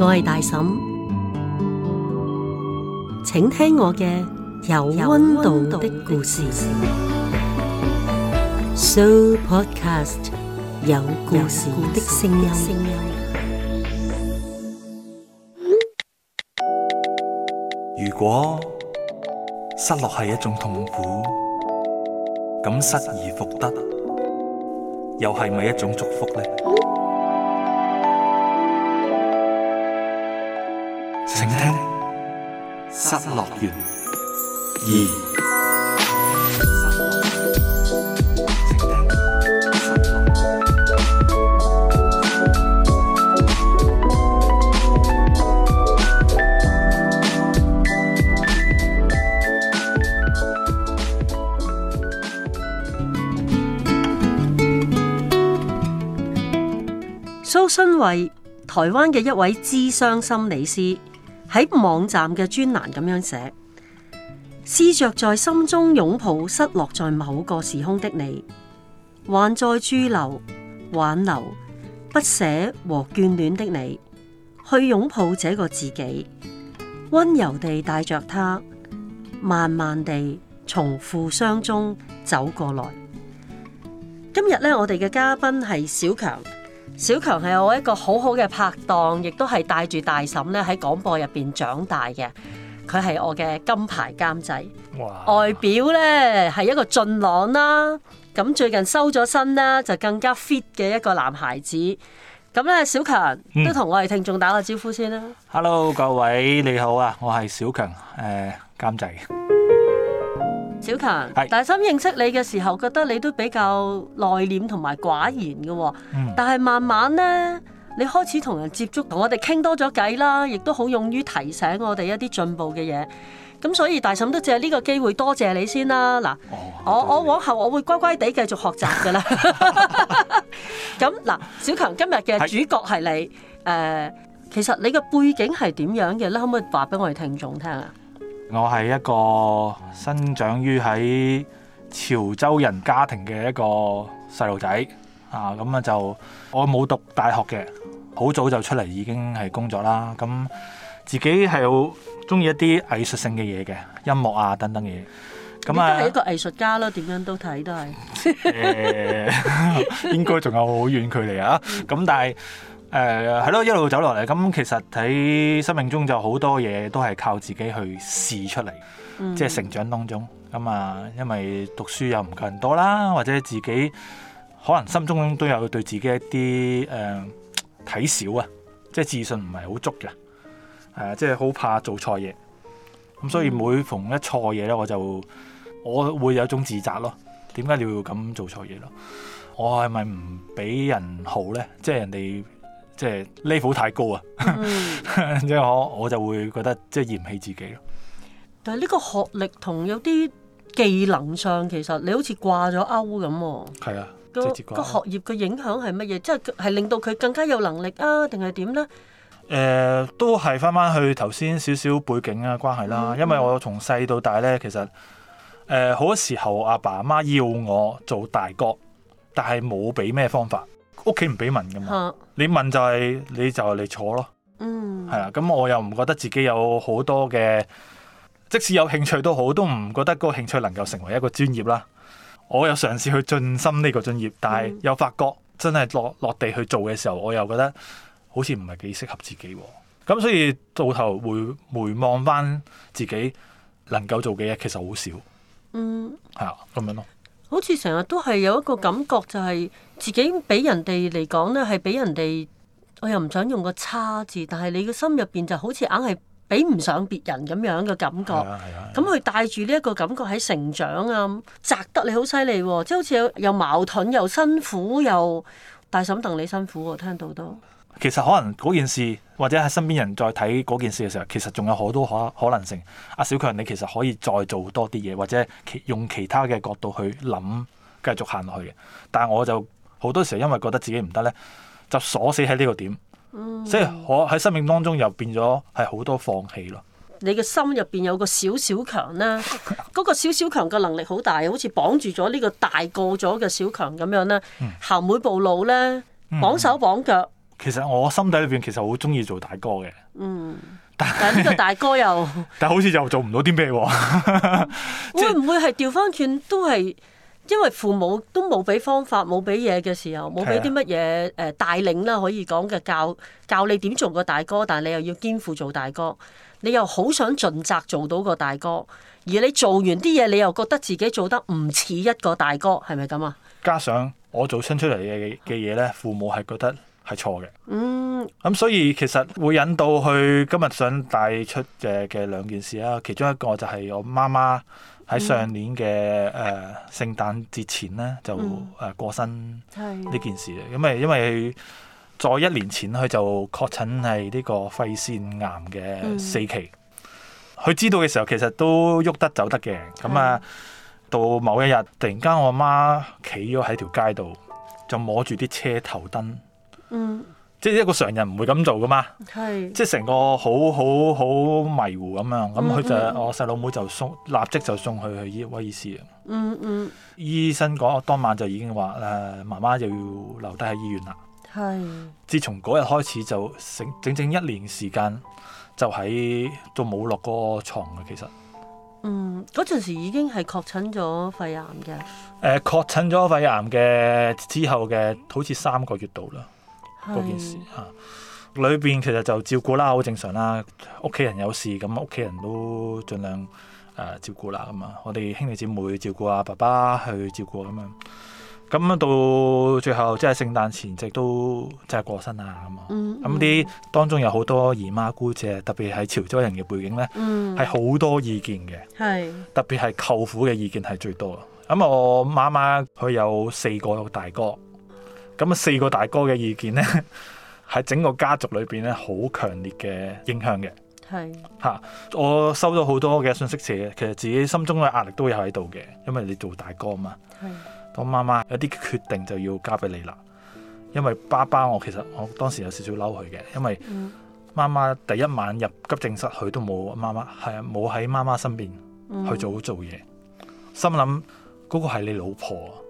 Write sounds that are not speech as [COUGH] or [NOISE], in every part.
我係大嬸，請聽我嘅有温度的故事，So Podcast 有故事的聲音。如果失落係一種痛苦，咁失而復得，又係咪一種祝福呢？請聽《失落園二》失，失蘇新惠，台灣嘅一位諮商心理師。喺網站嘅專欄咁樣寫，試着在心中擁抱失落在某個時空的你，還在駐留、挽留、不捨和眷戀的你，去擁抱這個自己，溫柔地帶着他，慢慢地從負傷中走過來。今日咧，我哋嘅嘉賓係小強。小強係我一個好好嘅拍檔，亦都係帶住大嬸咧喺廣播入邊長大嘅。佢係我嘅金牌監製，哇外表咧係一個俊朗啦。咁最近收咗身啦，就更加 fit 嘅一個男孩子。咁咧，小強、嗯、都同我哋聽眾打個招呼先啦。Hello，各位你好啊，我係小強，誒、呃，監製。小芹，是大嬸認識你嘅時候，覺得你都比較內斂同埋寡言嘅，哦，嗯，但係慢慢呢，你開始同人接觸，同我哋傾多咗偈啦，亦都好勇於提醒我哋一啲進步嘅嘢。咁所以大嬸都借呢個機會多謝你先啦。嗱，哦，謝謝我我往後我會乖乖地繼續學習噶啦。咁嗱， [LAUGHS] [LAUGHS] 小芹今日嘅主角係你。誒是、呃，其實你嘅背景係點樣嘅？咧可唔可以話俾我哋聽眾聽啊？我係一個生長於喺潮州人家庭嘅一個細路仔啊，咁啊就我冇讀大學嘅，好早就出嚟已經係工作啦。咁自己係好中意一啲藝術性嘅嘢嘅，音樂啊等等嘢。咁啊，係一個藝術家咯，點樣都睇都係， [LAUGHS] [LAUGHS] 應該仲有好遠距離啊。咁但係。誒係咯，一路走落嚟咁，其實喺生命中就好多嘢都係靠自己去試出嚟，嗯、即係成長當中咁啊、嗯。因為讀書又唔夠人多啦，或者自己可能心中都有對自己一啲誒睇少啊，即係自信唔係好足嘅，係啊，即係好怕做錯嘢。咁、嗯、所以每逢一錯嘢咧，我就我會有一種自責咯。點解你要咁做錯嘢咯？我係咪唔畀人好咧？即係人哋。即係 level 太高啊、 [LAUGHS] 嗯，即係我我就會覺得即係嫌棄自己咯。但係呢個學歷同有啲技能上，其實你好似掛咗鈎咁。係啊，個個那學業嘅影響係乜嘢？即係係令到佢更加有能力啊，定係點呢？誒、呃，都係翻翻去頭先少少背景啊關係啦。嗯、因為我從細到大咧，其實誒、呃、好多時候阿爸阿媽要我做大哥，但係冇俾咩方法。屋企唔俾問噶嘛，哈你問就係、是、你就嚟坐咯。嗯，係啦，咁我又唔覺得自己有好多嘅，即使有興趣都好，都唔覺得嗰個興趣能夠成為一個專業啦。我又嘗試去晉身呢個專業，但係又發覺真係落落地去做嘅時候，我又覺得好似唔係幾適合自己。咁所以到頭回回望翻自己能夠做嘅嘢，其實好少。嗯，係啊，咁樣咯。好似成日都係有一個感覺，就係自己俾人哋嚟講咧，係俾人哋，我又唔想用個差字，但係你個心入邊就好似硬係比唔上別人咁樣嘅感覺。咁佢、啊啊啊啊、帶住呢一個感覺喺成長啊，摘得你好犀利喎！即係好似又矛盾又辛苦又大嬸，戥你辛苦喎，啊，聽到都。其實可能嗰件事，或者喺身邊人再睇嗰件事嘅時候，其實仲有好多可可能性。阿、啊、小強，你其實可以再做多啲嘢，或者其用其他嘅角度去諗，繼續行落去嘅。但係我就好多時候因為覺得自己唔得呢，就鎖死喺呢個點，嗯，所以我喺生命當中又變咗係好多放棄咯。你嘅心入邊有個小小強啦，嗰、那個小小強嘅能力好大， [LAUGHS] 好似綁住咗呢個大個咗嘅小強咁樣咧，嗯、行每步路呢，綁手綁腳。綁其實我心底裏邊其實好中意做大哥嘅，嗯，但係是呢個大哥又， [LAUGHS] 但好似又做唔到啲咩，啊， [LAUGHS] 就係，會唔會係調翻轉都係因為父母都冇俾方法，冇俾嘢嘅時候，冇俾啲乜嘢誒帶領啦，可以講嘅教教你點做個大哥，但係你又要肩負做大哥，你又好想盡責做到個大哥，而你做完啲嘢，你又覺得自己做得唔似一個大哥，係咪咁啊？加上我做親出嚟嘅嘢咧，父母係覺得。係錯嘅，嗯，咁、嗯、所以其實會引導佢今日想帶出嘅嘅兩件事啦、啊，其中一個就係我媽媽喺上年嘅誒聖誕節前咧就誒過身，呢件事，咁誒、嗯、因為再一年前佢就確診係呢個肺腺癌嘅四期，佢、嗯、知道嘅時候其實都喐得走得嘅，咁、嗯、啊的到某一日突然間我媽企咗喺條街度，就摸住啲車頭燈。嗯，即係一個常人唔會咁做噶嘛，係是即係成個好好好迷糊咁樣咁，佢、嗯嗯、就我細佬妹就送立即就送佢去醫威醫師啊。嗯嗯，醫生講當晚就已經話誒，媽媽就要留低喺醫院啦。係是，自從嗰日開始就整整整一年時間就喺都冇落過床嘅，其實嗯嗰陣時已經係確診咗肺癌嘅。誒、呃，確診咗肺癌嘅之後嘅，好似三個月度啦。嗰件事嚇，裏、啊、邊其實就照顧啦，好正常啦。屋企人有事咁，屋企人都盡量誒、呃、照顧啦咁啊。我哋兄弟姊妹照顧啊，爸爸去照顧咁樣。咁到最後即係聖誕前夕都即係過身啊咁啊。咁啲、嗯嗯嗯、當中有好多姨媽姑姐，特別係潮州人嘅背景咧，係好、嗯、多意見嘅。係是特別係舅父嘅意見係最多啊。咁、啊、我媽媽佢有四個大哥。咁啊，四個大哥嘅意見呢，喺 [LAUGHS] 整個家族裏邊呢，好強烈嘅影響嘅。係是，嚇、啊、我收到好多嘅信息時，其實自己心中嘅壓力都會有喺度嘅，因為你做大哥啊嘛。係是，當媽媽有啲決定就要交俾你啦。因為爸爸，我其實我當時有少少嬲佢嘅，因為、嗯、媽媽第一晚入急症室，佢都冇媽媽係、呀、冇喺媽媽身邊去做做嘢，嗯、心諗嗰、嗰個係你老婆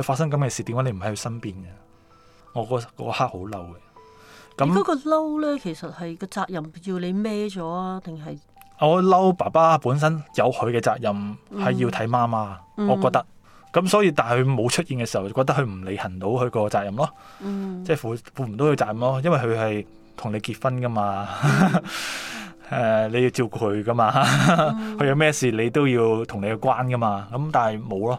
佢發生咁嘅事，點解你唔喺佢身邊嘅？我嗰、嗰個、刻好嬲嘅。咁嗰個嬲咧，其實係個責任要你孭咗啊？定係我嬲爸爸本身有佢嘅責任媽媽，係要睇媽媽。我覺得咁，嗯、所以但係佢冇出現嘅時候，就覺得佢唔履行到佢個責任咯。嗯、即係負負唔到佢責任咯，因為佢係同你結婚噶嘛。誒、嗯 [LAUGHS] 呃，你要照顧佢噶嘛？佢、嗯、 [LAUGHS] 有咩事你都要同你去關噶嘛？咁但係冇咯。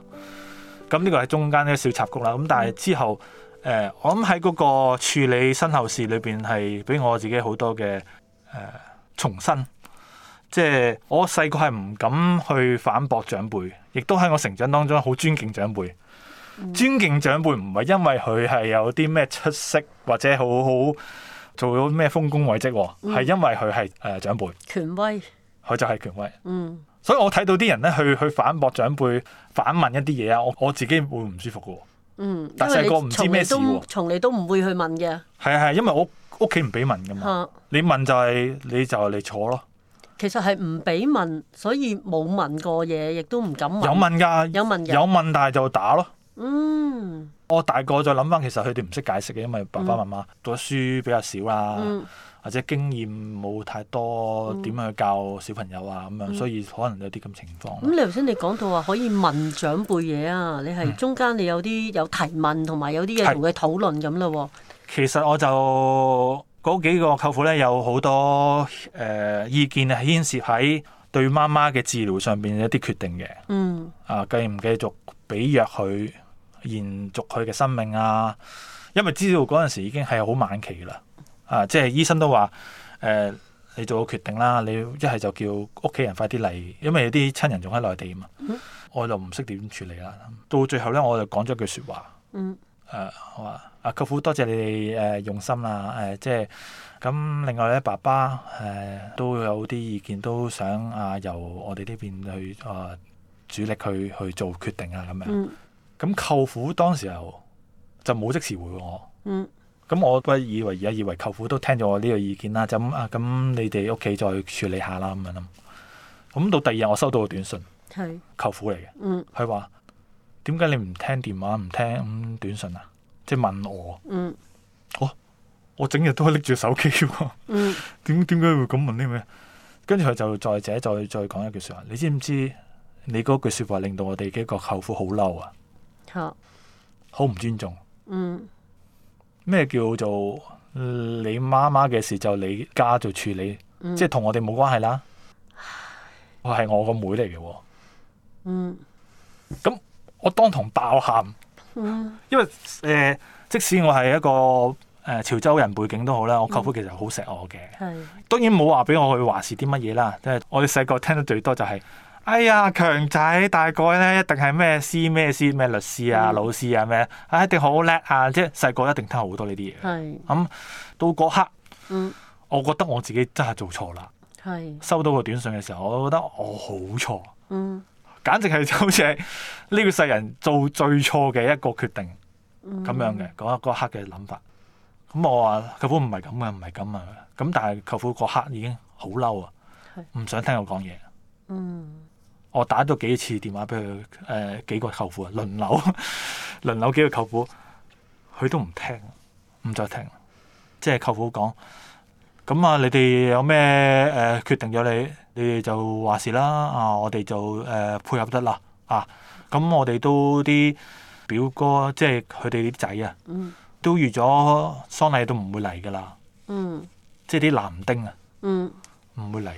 咁呢個係中間呢個小插曲啦，咁但係之後，誒、呃，我諗喺嗰個處理身後事裏邊，係俾我自己好多嘅，誒、呃、重申。即係我細個係唔敢去反駁長輩，亦都喺我成長當中好尊敬長輩。嗯、尊敬長輩唔係因為佢係有啲咩出色或者好好做到咩豐功偉績，係、呃嗯、因為佢係誒長輩，權威，佢就係權威。嗯。所以我睇到啲人咧去去反駁長輩，反問一啲嘢啊，我我自己會唔舒服噶嗯，但細個唔知咩事、啊，從嚟都唔會去問嘅。係啊係啊，因為我屋企唔俾問噶嘛啊、你問就係、是、你就嚟坐咯。其實係唔俾問，所以冇問過嘢，亦都唔敢問。有問噶，有問有問，但係就打咯。嗯，我大個再諗翻，其實佢哋唔識解釋嘅，因為爸爸媽媽、嗯、讀得書比較少啦。嗯或者經驗冇太多，點、嗯、樣去教小朋友啊咁、嗯、樣，所以可能有啲咁情況。咁、嗯、你頭先你講到話可以問長輩嘢啊，你係中間你有啲、嗯、有提問，同埋有啲嘢同佢討論咁咯、啊。其實我就嗰幾個舅父咧，有好多誒、呃、意見係牽涉喺對媽媽嘅治療上邊一啲決定嘅。嗯。啊，繼唔繼續俾藥佢延續佢嘅生命啊？因為知道嗰陣時已經係好晚期啦。啊，即係醫生都話，誒、呃，你做個決定啦，你一係就叫屋企人快啲嚟。因為有啲親人仲喺內地嘛，嗯、我就唔識點處理啦。到最後咧，我就講咗句說話，誒、呃，話阿、啊、舅父多謝你哋誒用心啦，誒、呃，即係咁。另外咧，爸爸誒、呃、都有啲意見都想啊，由我哋呢邊去啊、呃、主力去去做決定啊，咁樣。咁、嗯、舅父當時候就冇即時回我。嗯咁、嗯、我不以為而家以為舅父都聽咗我呢個意見啦，就咁啊，咁你哋屋企再處理下啦咁樣啦。咁到第二日我收到個短信，係是舅父嚟嘅，嗯，佢話點解你唔聽電話唔聽短信啊？即係問我，嗯，我、哦、我整日都係拎住手機、啊，嗯，點點解會咁問呢？咩？跟住佢就再者再再講一句說話，你知唔知？你嗰句說話令到我哋幾個舅父好嬲啊，吓、嗯，好唔尊重，嗯。咩叫做你媽媽嘅事就你家做處理？嗯、即係同我哋冇關係啦。我係我個妹嚟嘅，嗯，咁我當堂爆喊，因為誒、呃，即使我係一個誒、呃、潮州人背景都好、嗯、啦，就是、我舅父其實好錫我嘅，係，當然冇話俾我去話事啲乜嘢啦，即係我哋細個聽得最多就係、是。哎呀，強仔，大概咧一定係咩師咩師咩律師啊，嗯、老師啊咩，一定好叻啊！即係細個一定聽好多呢啲嘢。係咁是、嗯、到嗰刻，嗯，我覺得我自己真係做錯啦。係是 收到個短信嘅時候，我覺得我好錯。嗯，簡直係就好似係呢個世人做最錯嘅一個決定咁樣嘅。嗰、嗯、刻嘅諗法，咁、嗯、我話舅父唔係咁啊，唔係咁啊。咁但係舅父嗰刻已經好嬲啊，唔想聽我講嘢。嗯是。我打咗幾次電話俾佢，誒、呃、幾個舅父啊，輪流輪 [LAUGHS] 流幾個舅父，佢都唔聽，唔再聽。即係舅父講，咁啊，你哋有咩誒、呃、決定咗你，你哋就話事啦。啊，我哋就誒、呃、配合得啦。啊，咁、啊啊、我哋都啲表哥，即係佢哋啲仔啊，都預咗喪禮都唔會嚟噶啦。嗯，即係啲男丁啊，嗯，唔、嗯、會嚟。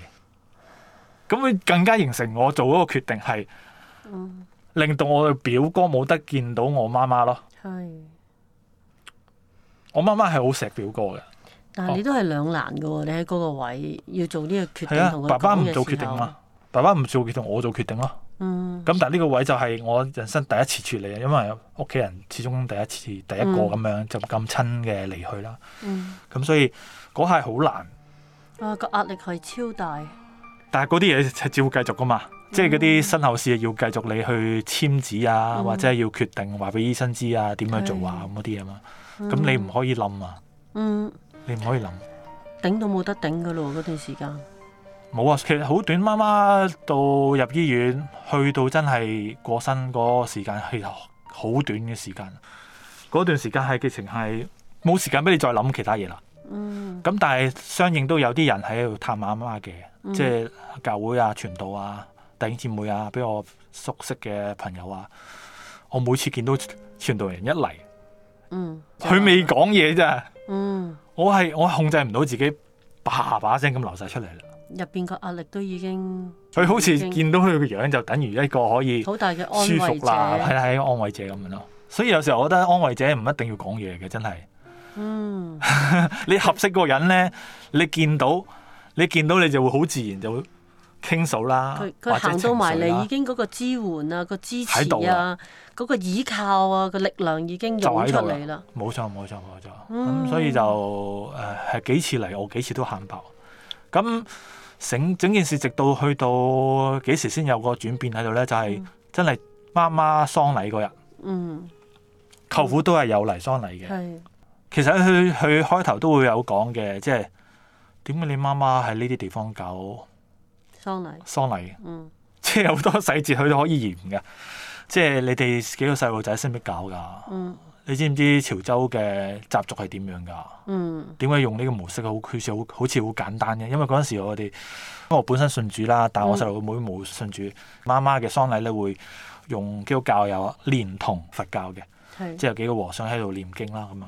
咁佢更加形成我做嗰個決定係，令到我嘅表哥冇得見到我媽媽咯。係，我媽媽係好錫表哥嘅，哦。但係你都係兩難噶，哦，你喺嗰個位要做呢個決定，啊，爸爸唔做決定嘛？爸爸唔做決定，我做決定咯。嗯。咁但係呢個位就係我人生第一次處理啊，因為屋企人始終第一次，第一個咁樣就咁親嘅離去啦。嗯。咁所以嗰下好難。啊，個壓力係超大。但係嗰啲嘢，照繼續噶嘛，即係嗰啲身後事要繼續你去簽紙啊，嗯、或者係要決定話俾醫生知啊，點樣做啊，咁嗰啲啊嘛，咁、嗯、你唔可以諗啊，嗯，你唔可以諗，頂都冇得頂噶咯嗰段時間，冇啊，其實好短，媽媽到入醫院去到真係過身嗰個時間係好短嘅時間，嗰段時間係劇情係冇時間俾你再諗其他嘢啦。嗯，咁但係相應都有啲人喺度探阿媽嘅，嗯、即係教會啊、傳道啊、弟兄姊妹啊，比我熟悉嘅朋友啊，我每次見到傳道人一嚟，嗯，佢未講嘢啫，嗯，我係我控制唔到自己，叭叭聲咁流晒出嚟啦，入邊個壓力都已經，佢好似見到佢個樣就等於一個可以好大嘅安慰者，係啦，安慰者咁樣咯，所以有時候我覺得安慰者唔一定要講嘢嘅，真係。嗯， [LAUGHS] 你合適嗰個人咧，你見到你見到你就會好自然就傾訴啦，佢行到埋嚟，已經嗰個支援啊，嗰個支持啊，嗰個倚靠啊，嗰個力量已經湧出嚟啦。冇錯，冇錯，冇錯。咁、嗯、所以就誒，係、呃、幾次嚟我幾次都喊爆。咁整整件事直到去到幾時先有個轉變喺度咧？就係、是、真係媽媽喪禮嗰日。嗯，舅、嗯嗯、父都係有嚟喪禮嘅。係。其實佢佢開頭都會有講嘅，即係點解你媽媽喺呢啲地方搞喪禮？喪禮，嗯，即係好多細節佢都可以嚴㗎。即係你哋幾個細路仔識唔識搞噶？嗯，你知唔知潮州嘅習俗係點樣噶？嗯，點解用呢個模式好？好似好好似好簡單嘅，因為嗰陣時我哋，因為我本身信主啦，但係我細路妹冇信主，嗯，媽媽嘅喪禮咧會用基督教有連同佛教嘅，的即係有幾個和尚喺度念經啦咁樣。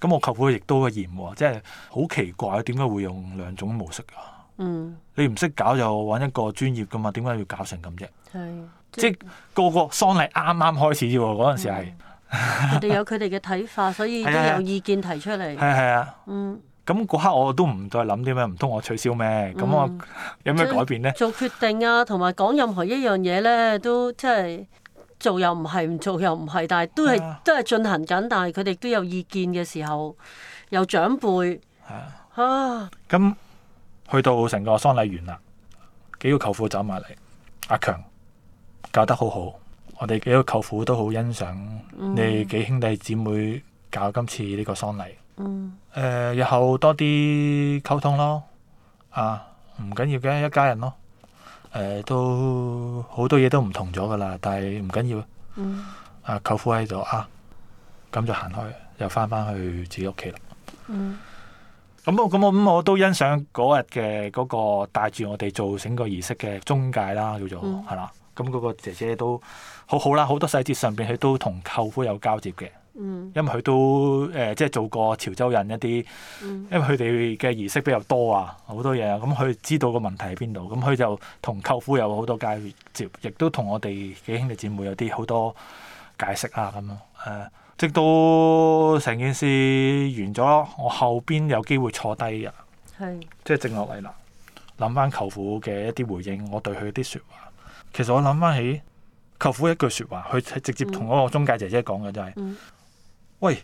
咁、嗯、我舅父亦都嘅嫌、喔，即係好奇怪，點解會用兩種模式噶、啊？嗯，你唔識搞就揾一個專業噶嘛？點解要搞成咁啫？係，即係即個個喪禮啱啱開始啫、啊，嗰陣時係。佢哋、嗯、有佢哋嘅睇法， [LAUGHS] 所以都有意見提出嚟。係係啊，啊嗯。咁嗰刻我都唔再諗啲咩，唔通我取消咩？咁我、嗯、 [LAUGHS] 有咩改變咧？嗯、做決定啊，同埋講任何一樣嘢咧，都即係。做又唔係，唔做又唔係，但係都係、啊、都係進行緊。但係佢哋都有意見嘅時候，有長輩係啊。咁、啊、去到成個喪禮完啦，幾個舅父走埋嚟。阿強搞得好好，我哋幾個舅父都好欣賞你幾兄弟姊妹搞今次呢個喪禮。嗯、呃，日後多啲溝通咯。啊，唔緊要嘅，一家人咯。誒、呃，都好多嘢，都唔同咗噶啦，但係唔緊要。嗯。啊舅父喺度啊，咁就行開，又翻翻去自己屋企啦。咁我咁我都欣賞嗰日嘅、嗰個帶住我哋做整個儀式嘅中介啦，叫做係、嗯、啦。咁、嗯、嗰、嗰個姐姐都好好啦，好多細節上邊佢都同舅父有交接嘅。因為佢都誒、呃，即係做過潮州人一啲，嗯、因為佢哋嘅儀式比較多啊，好多嘢咁、啊，佢、嗯、知道個問題喺邊度，咁、嗯、佢就同舅父有好多介紹，亦都同我哋幾兄弟姐妹有啲好多解釋啊咁咯。誒、嗯，直到成件事完咗，我後邊有機會坐低啊，係是，即係靜落嚟啦，諗翻舅父嘅一啲回應，我對佢啲説話，其實我諗翻起舅父一句説話，佢直接同嗰個中介姐姐講嘅就係、是。嗯喂，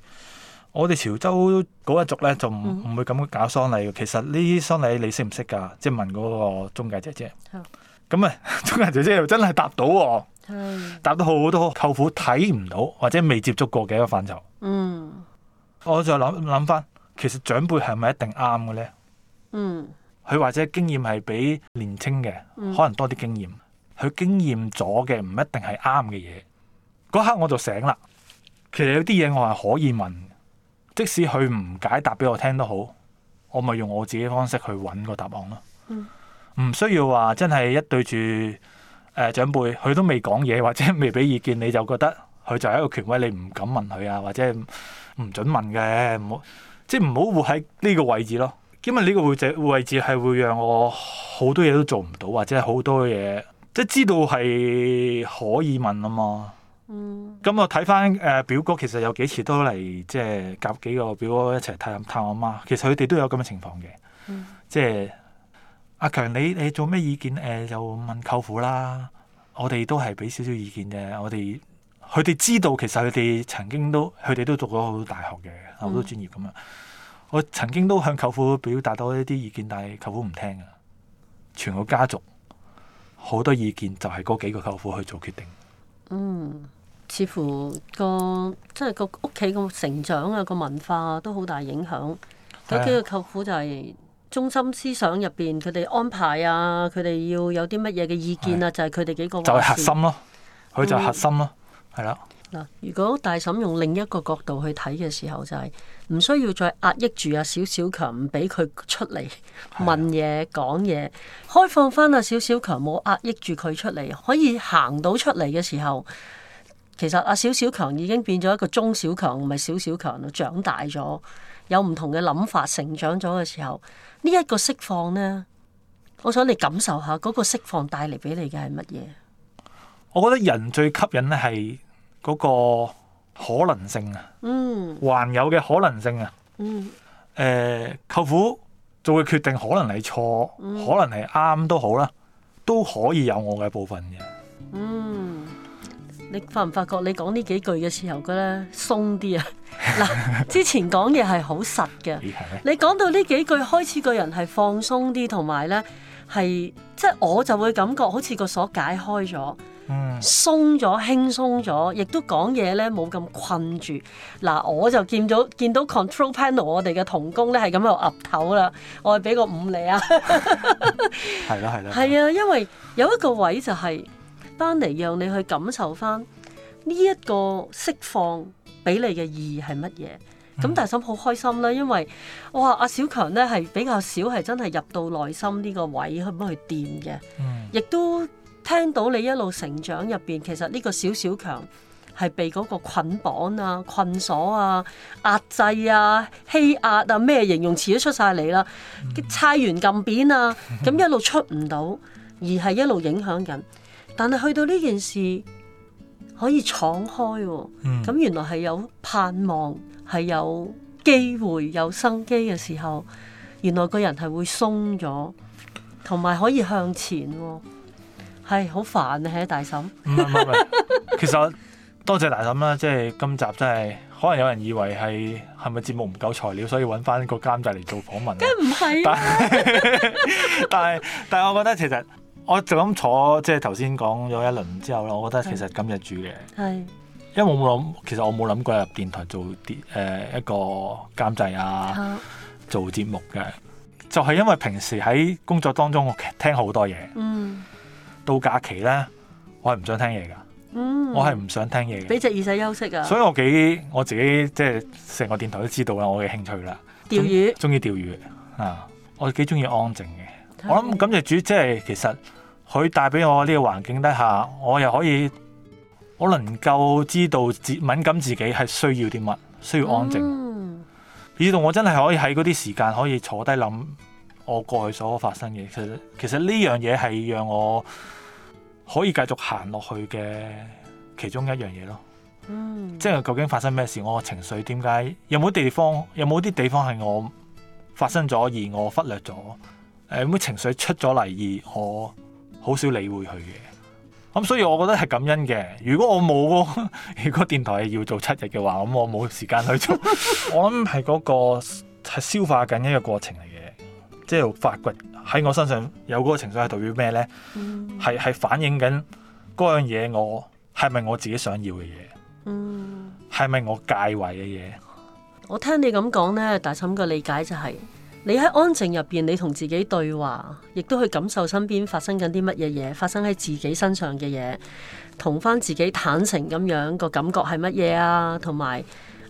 我哋潮州嗰一族咧，就唔唔會咁搞喪禮嘅。嗯、其實呢啲喪禮你識唔識噶？即係問嗰個中介姐姐。咁啊好，中介姐姐又真係答到、哦，是答得好好多舅父睇唔到或者未接觸過嘅一個範疇。嗯，我再諗諗翻，其實長輩係咪一定啱嘅咧？嗯，佢或者經驗係比年青嘅、嗯、可能多啲經驗，佢經驗咗嘅唔一定係啱嘅嘢。嗰刻我就醒啦。其實有啲嘢我係可以問，即使佢唔解答俾我聽都好，我咪用我自己方式去揾個答案咯。唔、嗯、需要話真係一對住誒、呃、長輩，佢都未講嘢或者未俾意見，你就覺得佢就係一個權威，你唔敢問佢啊，或者唔准問嘅，唔好即係唔好活喺呢個位置咯。因為呢個位置位置係會讓我好多嘢都做唔到，或者好多嘢即知道係可以問啊嘛。嗯，咁我睇翻誒表哥，其實有幾次都嚟，即係夾幾個表哥一齊探探我媽。其實佢哋都有咁嘅情況嘅，嗯、即係阿強，你你做咩意見？誒、呃，就問舅父啦，我哋都係俾少少意見嘅。我哋佢哋知道，其實佢哋曾經都佢哋都讀咗好多大學嘅，好多專業咁樣。嗯、我曾經都向舅父表達到一啲意見，但係舅父唔聽呀。全個家族好多意見，就係嗰幾個舅父去做決定。嗯。似乎個即係個屋企個成長啊個文化、啊、都好大影響。佢的幾個舅父就係中心思想入邊，佢哋安排啊，佢哋要有啲乜嘢嘅意見啊，的就係佢哋幾個就係核心咯、啊。佢、嗯、就係核心咯、啊，係啦。嗱，如果大嬸用另一個角度去睇嘅時，就係、的時候，就係唔需要再壓抑住啊，小小強，唔俾佢出嚟問嘢講嘢，開放翻啊，小小強，冇壓抑住佢出嚟，可以行到出嚟嘅時候。其實阿小小強已經變咗一個中小強，唔係小小強咯，長大咗，有唔同嘅諗法，成長咗嘅時候，呢一個釋放呢，我想你感受下嗰個釋放帶嚟俾你嘅係乜嘢？我覺得人最吸引咧係嗰個可能性啊，嗯，還有嘅可能性啊，嗯，誒，舅父做嘅決定可能係錯，嗯，可能係啱都好啦，都可以有我嘅部分嘅。你發唔發覺？你講呢幾句嘅時候，噶咧鬆啲啊！嗱， [LAUGHS] 之前講嘢係好實嘅， [LAUGHS] 你講到呢幾句開始，個人係放鬆啲，同埋咧係即係我就會感覺好似個鎖解開咗，鬆咗、嗯，輕鬆咗，亦都講嘢咧冇咁困住。嗱、呃，我就見到見到 control panel 我哋嘅童工咧係咁樣喺度岌頭啦，我係俾個五你啊！係 [LAUGHS] 啦， [LAUGHS] 係啦，係啊， [LAUGHS] 因為有一個位就係、是。翻嚟，讓你去感受翻呢一個釋放俾你嘅意義係乜嘢？咁大嬸好開心啦，因為我話阿小強呢係比較少係真係入到內心呢個位去幫佢掂嘅，亦、嗯、都聽到你一路成長入邊，其實呢個小小強係被嗰個捆綁啊、困鎖啊、壓制啊、欺壓啊，咩形容詞都出晒嚟啦，嘅猜完撳扁啊，咁一路出唔到，而係一路影響緊。但係去到呢件事可以敞開、哦，咁原來係有盼望，係有機會、有生機嘅時候，原來個人係會鬆咗，同埋可以向前、哦，係好煩啊！係大嬸，唔係唔係，其實多謝大嬸啦， [LAUGHS] 即係今集真係可能有人以為係係咪節目唔夠材料，所以揾翻個監製嚟做訪問，梗唔係，但係但係，但我覺得其實。我就咁坐，即係頭先講咗一輪之後咧，我覺得其實今日煮嘅，係，因為我冇諗，其實我冇諗過入電台做啲誒、呃、一個監製啊，好做節目嘅，就係、是、因為平時喺工作當中我聽好多嘢，嗯，到假期咧，我係唔想聽嘢噶，嗯、我係唔想聽嘢，俾隻耳仔休息噶、啊，所以我幾我自己即係成個電台都知道啦，我嘅興趣啦，釣魚中，中意釣魚啊，我幾中意安靜嘅。我諗感謝主即係，其實佢帶俾我呢個環境底下，我又可以我能夠知道自敏感自己係需要啲乜，需要安靜。以到、嗯、我真係可以喺嗰啲時間可以坐低諗我過去所發生嘅，其實其實呢樣嘢係讓我可以繼續行落去嘅其中一樣嘢咯。嗯、即係究竟發生咩事？我嘅情緒點解，有冇地方，有冇啲地方係我發生咗而我忽略咗？誒，咁啲、嗯、情緒出咗嚟而我好少理會佢嘅，咁、嗯、所以我覺得係感恩嘅。如果我冇，如果電台係要做七日嘅話，咁、嗯、我冇時間去做。 [LAUGHS] 我諗係嗰個係消化緊一個過程嚟嘅，即、就、係、是、發掘喺我身上有嗰個情緒係代表咩咧？係係、嗯、反映緊嗰樣嘢，我係咪我自己想要嘅嘢？係咪、嗯、我介懷嘅嘢？我聽你咁講咧，大嬸嘅理解就係、是。你喺安靜入邊，你同自己對話，亦都去感受身邊發生緊啲乜嘢嘢，發生喺自己身上嘅嘢，同翻自己坦誠咁樣個感覺係乜嘢啊？同埋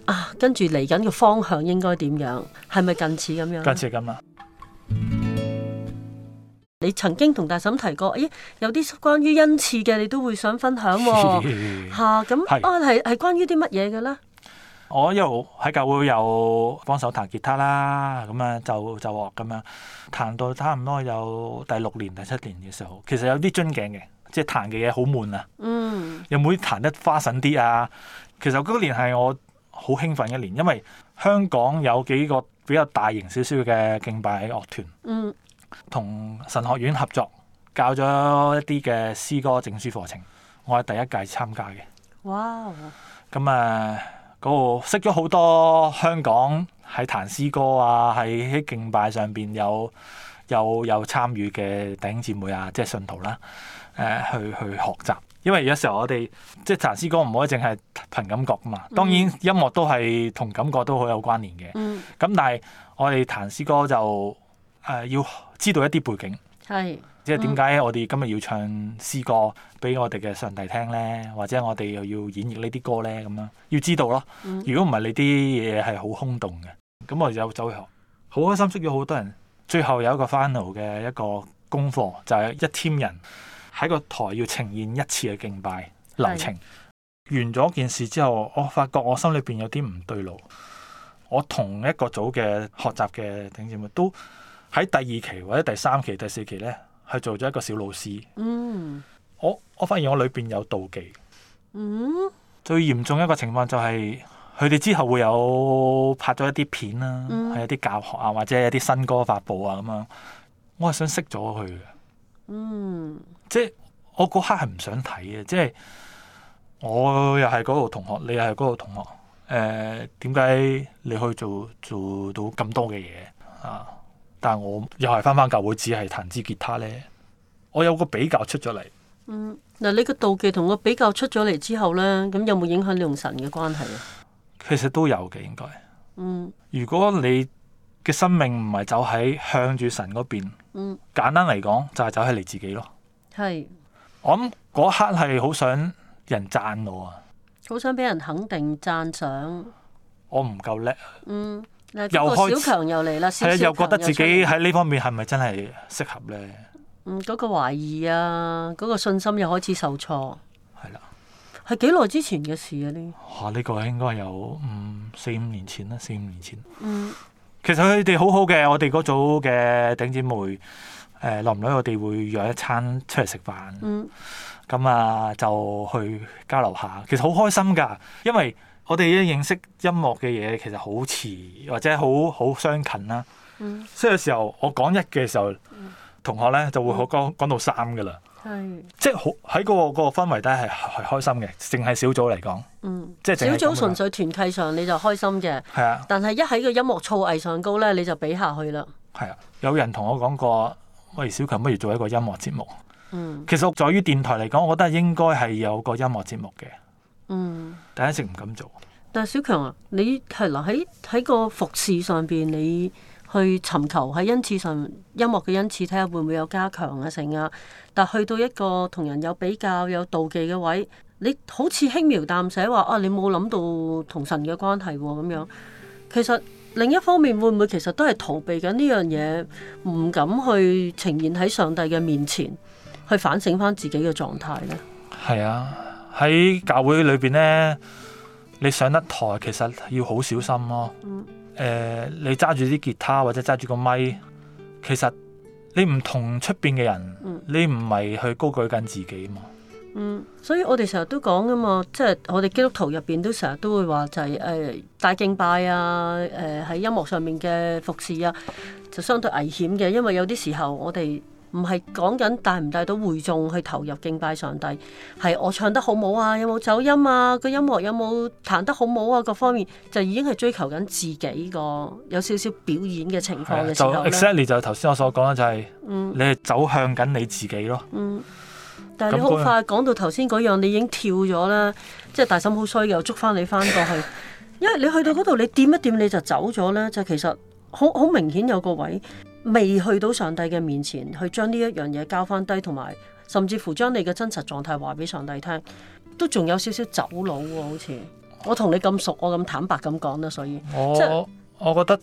啊，跟住嚟緊個方向應該點樣？係咪近似咁樣？近似咁啊！你曾經同大嬸提過，咦、哎，有啲關於恩賜嘅，你都會想分享喎、哦、吓？咁係係關於啲乜嘢嘅咧？我一路喺教會有幫手彈吉他啦，咁啊就就學咁樣彈到差唔多有第六年、第七年嘅時候，其實有啲樽頸嘅，即係彈嘅嘢好悶啊。嗯，有冇彈得花神啲啊？其實嗰年係我好興奮一年，因為香港有幾個比較大型少少嘅敬拜樂團，嗯，同神學院合作教咗一啲嘅詩歌證書課程，我係第一屆參加嘅。哇！咁啊～嗰個識咗好多香港喺彈詩歌啊，喺啲敬拜上邊有有有參與嘅弟兄姊妹啊，即係信徒啦，誒去去學習，因為有時候我哋即係彈詩歌唔可以淨係憑感覺噶嘛，當然音樂都係同感覺都好有關聯嘅，咁，嗯，但係我哋彈詩歌就誒要知道一啲背景。係。即係點解我哋今日要唱詩歌俾我哋嘅上帝聽呢？或者我哋又要演繹呢啲歌呢？咁樣要知道咯。如果唔係，你啲嘢係好空洞嘅。咁我哋就走去學，好開心識咗好多人。最後有一個 final 嘅一個功課，就係、是、一千人喺個台要呈現一次嘅敬拜流程。的完咗件事之後，我發覺我心裏邊有啲唔對路。我同一個組嘅學習嘅弟兄們都喺第二期或者第三期、第四期呢。係做咗一個小老師，嗯，我我發現我裏邊有妒忌，嗯，最嚴重一個情況就係佢哋之後會有拍咗一啲片啦，啊、係、嗯、一啲教學啊，或者係一啲新歌發布啊咁樣，我係想熄咗佢嘅，嗯，即係我嗰刻係唔想睇嘅，即係我又係嗰個同學，你又係嗰個同學，誒、呃，點解你可以做做到咁多嘅嘢啊？但係我又係翻返教會，只係彈支吉他咧。我有個比較出咗嚟。嗯，嗱，你個妒忌同個比較出咗嚟之後咧，咁有冇影響你同神嘅關係啊？其實都有嘅，應該。嗯，如果你嘅生命唔係走喺向住神嗰邊，嗯，簡單嚟講就係走喺你自己咯。係是，我諗嗰刻係好想人讚我啊，好想俾人肯定讚賞。我唔夠叻。嗯。小強又開又嚟喇！小小又覺得自己喺呢方面係咪真係適合咧？嗯，嗰個懷疑啊，嗰、嗰個信心又開始受挫。係啦了，係幾耐之前嘅事啊？呢哇、啊，呢、呢個應該有五四五年前啦，四五年前。嗯，其實佢哋好好嘅，我哋嗰組嘅頂姐妹，誒、呃，耐唔耐，我哋會約一餐出嚟食飯。嗯，咁啊，就去交流下。其實好開心㗎，因為。我哋一認識音樂嘅嘢，其實好遲或者好好相近啦。嗯、所以有時候我講一嘅時候，嗯、同學咧就會好講講到三噶啦。係是，即係好喺嗰個嗰、嗰個氛圍底下係係開心嘅，淨係小組嚟講。嗯，即係小組純粹團契上你就開心嘅。係啊，但係一喺個音樂造詣上高咧，你就比下去啦。係啊，有人同我講過，喂，小琴，不如做一個音樂節目。嗯，其實我在於電台嚟講，我覺得應該係有個音樂節目嘅。嗯，但一直唔敢做。但係小強啊，你係啦喺喺個服侍上邊，你去尋求喺恩賜上音樂嘅恩賜，睇下會唔會有加強啊？成啊！但去到一個同人有比較、有妒忌嘅位，你好似輕描淡寫話啊，你冇諗到同神嘅關係咁、啊、樣。其實另一方面，會唔會其實都係逃避緊呢樣嘢，唔敢去呈現喺上帝嘅面前，去反省翻自己嘅狀態呢？係啊。喺教會裏邊呢，你上得台其實要好小心咯，啊。誒、嗯、呃，你揸住啲吉他或者揸住個咪，其實你唔同出邊嘅人，嗯、你唔係去高舉緊自己嘛。嗯，所以我哋成日都講噶嘛，即、就、係、是、我哋基督徒入邊都成日都會話就係、是、誒、呃，大敬拜啊，誒、呃、喺音樂上面嘅服侍啊，就相對危險嘅，因為有啲時候我哋。唔係講緊帶唔帶到會眾去投入敬拜上帝，係我唱得好唔好啊？有冇走音啊？個音樂有冇彈得好唔好啊？各方面就已經係追求緊自己個有少少表演嘅情況嘅時候 exactly 就係頭先我所講啦、就是，就係、嗯、你係走向緊你自己咯。嗯、但係你好快講到頭先嗰樣，你已經跳咗啦，即係樣大嬸好衰又捉翻你翻過去， [LAUGHS] 因為你去到嗰度，你掂一掂你就走咗咧，就其實好好明顯有個位。未去到上帝嘅面前，去將呢一樣嘢交翻低，同埋甚至乎將你嘅真實狀態話俾上帝聽，都仲有少少走佬喎，好似我同你咁熟，我咁坦白咁講啦，所以我即我我覺得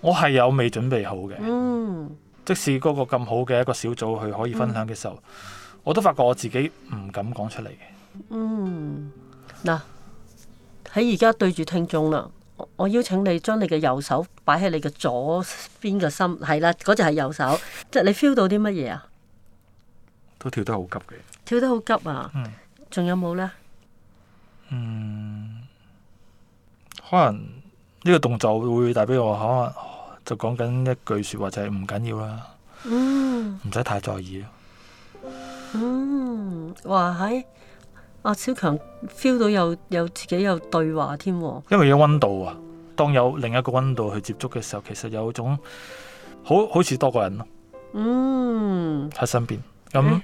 我係有未準備好嘅。嗯，即使嗰個咁好嘅一個小組去可以分享嘅時候，嗯、我都發覺我自己唔敢講出嚟嘅，嗯，嗱，喺而家對住聽眾啦。我邀請你將你嘅右手擺喺你嘅左邊嘅心，係啦，嗰隻係右手，即係你 feel 到啲乜嘢啊？都跳得好急嘅，跳得好急啊！嗯、仲有冇呢？嗯，可能呢個動作會帶俾我，可能就講緊一句說話就係唔緊要啦，嗯，唔使太在意咯。嗯，哇，係。阿小強 feel 到有有自己有對話添，因為有温度啊，當有另一個温度去接觸嘅時候，其實有種好好似多個人咯，啊嗯。嗯，喺身邊咁，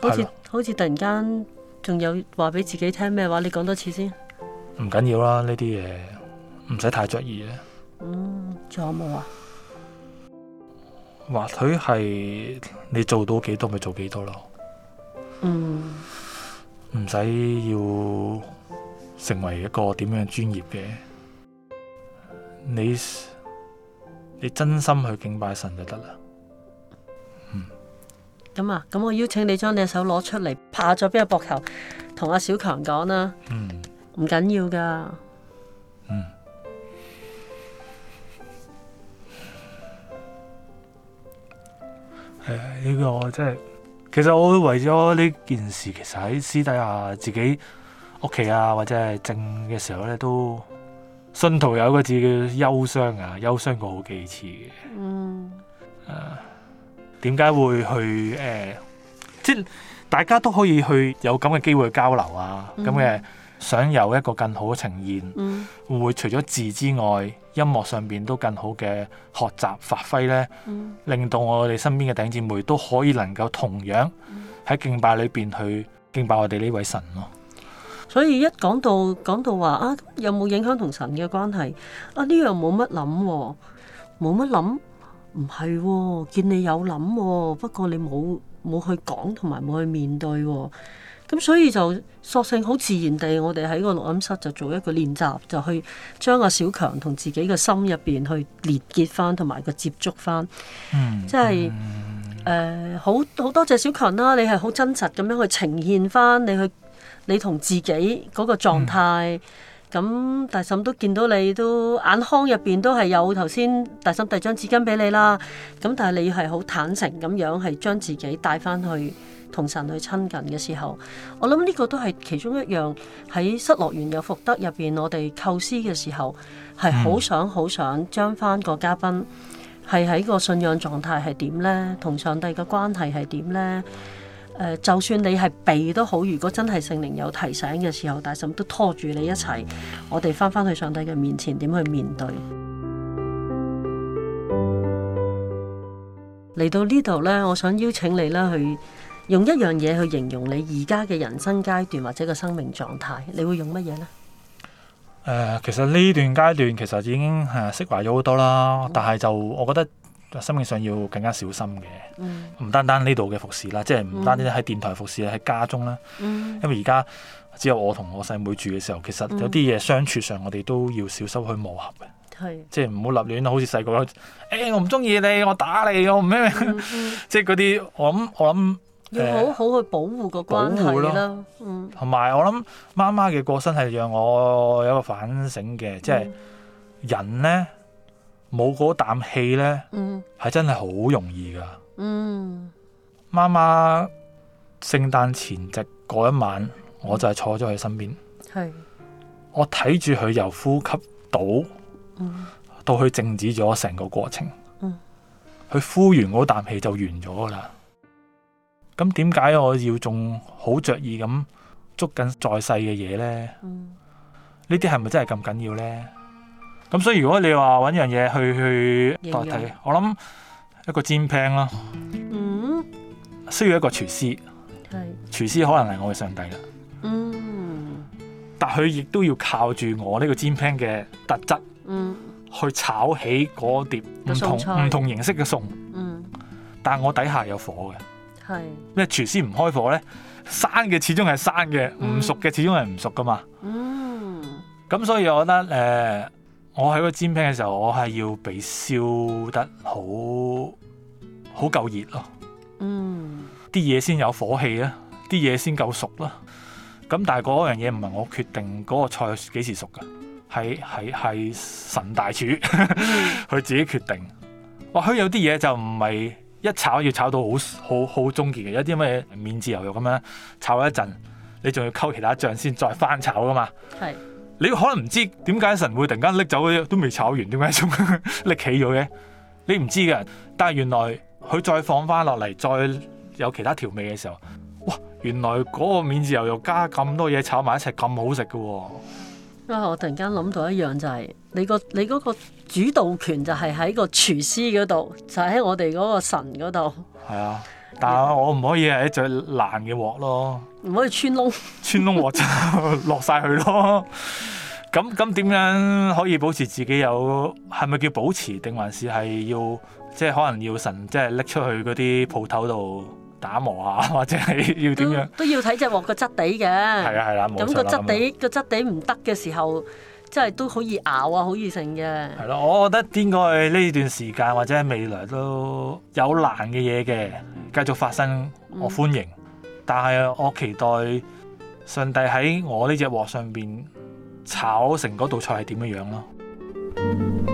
好似好似突然間仲有話俾自己聽咩話？你講多次先，唔緊要啦，呢啲嘢唔使太着意，嗯，有有啊。嗯，仲有冇啊？或許係你做到幾多咪做幾多咯。嗯。唔使要成為一個點樣專業嘅，你你真心去敬拜神就得啦。咁、嗯、啊，咁我邀請你將你手攞出嚟，拍咗邊個膊頭，同阿小強講啦。唔緊要噶。嗯。誒，呢、嗯哎這個我真係。其實我為咗呢件事，其實喺私底下自己屋企啊，或者係靜嘅時候咧，都信徒有一個字叫「憂傷」啊，憂傷過好幾次嘅。嗯。啊，點解會去誒、呃？即大家都可以去有咁嘅機會交流啊，咁嘅。嗯想有一個更好嘅呈現，嗯、會唔會除咗字之外，音樂上邊都更好嘅學習發揮呢、嗯、令到我哋身邊嘅頂姐妹都可以能夠同樣喺敬拜裏邊去敬拜我哋呢位神咯、哦。所以一講到講到話啊，有冇影響同神嘅關係啊？呢樣冇乜諗，冇乜諗，唔係、哦，見你有諗、哦，不過你冇冇去講同埋冇去面對、哦。咁所以就索性好自然地，我哋喺個錄音室就做一個練習，就去將阿小強同自己嘅心入邊去連結翻，同埋個接觸翻。即係誒，好好多謝小強啦！你係好真實咁樣去呈現翻，你去你同自己嗰個狀態。咁、嗯、大嬸都見到你都眼眶入邊都係有頭先大嬸遞張紙巾俾你啦。咁但係你係好坦誠咁樣係將自己帶翻去。同神去親近嘅時候，我諗呢個都係其中一樣喺失落完又復得入邊，我哋構思嘅時候係好想好想將翻個嘉賓係喺個信仰狀態係點呢？同上帝嘅關係係點呢？呃，就算你係避都好，如果真係聖靈有提醒嘅時候，大神都拖住你一齊，我哋翻翻去上帝嘅面前，點去面對嚟。 [MUSIC] 到呢度呢，我想邀請你咧去。用一樣嘢去形容你而家嘅人生階段或者個生命狀態，你會用乜嘢呢？誒，其實呢段階段其實已經誒釋懷咗好多啦，但係就我覺得生命上要更加小心嘅。唔單單呢度嘅服侍啦，即係唔單止喺電台服侍，喺家中啦。因為而家只有我同我細妹住嘅時候，其實有啲嘢相處上我哋都要小心去磨合嘅。即係唔好立亂好似細個，我唔中意你，我打你，我唔咩，即係嗰啲我諗我諗。要好好去保護個關係啦，同埋、嗯，我諗媽媽嘅過身係讓我有一個反省嘅。嗯、即係人呢，冇嗰啖氣呢，嗯，係真係好容易㗎，嗯。媽媽聖誕前夕嗰一晚，我就係坐咗佢身邊，係、嗯。我睇住佢由呼吸、嗯、到，到佢靜止咗成個過程，佢、嗯、呼完嗰啖氣就完咗㗎喇。.咁點解我要仲好着意咁捉緊在世嘅嘢呢？呢啲係咪真係咁緊要呢？咁所以如果你話揾樣嘢去去代替，業我諗一個煎 pan 咯，嗯，需要一個廚師，係廚是師可能係我嘅上帝啦，嗯，但佢亦都要靠住我呢個煎 pan 嘅特質，去炒起嗰碟唔同唔，嗯，同形式嘅餸，嗯，但我底下有火嘅。咩廚師唔開火咧？生嘅始終係生嘅，唔熟嘅始終係唔熟噶嘛。嗯。咁所以我覺得，誒、呃，我喺個煎餅嘅時候我，我係要俾燒得好，好夠熱咯。嗯。啲嘢先有火氣啊！啲嘢先夠熟啦、啊。咁但係嗰樣嘢唔係我決定嗰個菜幾時熟噶，係係係神大廚佢 [LAUGHS] 自己決定。哇、嗯！佢有啲嘢就唔係。一炒要炒到好好好終結嘅，有啲咩麵豉牛肉咁樣，炒一陣，你仲要溝其他醬先再翻炒噶嘛？係是，你可能唔知點解神會突然間拎走嗰都未炒完，點解仲拎起咗嘅？你唔知嘅，但係原來佢再放翻落嚟，再有其他調味嘅時候，哇！原來嗰個麵豉牛肉加咁多嘢炒埋一齊咁好食噶喎。啊！我突然間諗到一樣就係、是、你個你嗰個主導權就係喺個廚師嗰度，就喺、是、我哋嗰個神嗰度。係啊，但係我唔可以係一隻爛嘅鑊咯，唔可以穿窿。穿窿鑊就落晒佢咯。咁咁點樣可以保持自己有？係咪叫保持定還是係要即係可能要神即係拎出去嗰啲鋪頭度？打磨啊，或者係要點樣？都都要睇隻鑊個質地嘅。係啊係啦，咁個質地個質地唔得嘅時候，真係都好易咬啊，好易成嘅。係咯，我覺得應該呢段時間或者未來都有難嘅嘢嘅，繼續發生我歡迎，嗯、但係我期待我上帝喺我呢隻鑊上邊炒成嗰道菜係點嘅樣咯。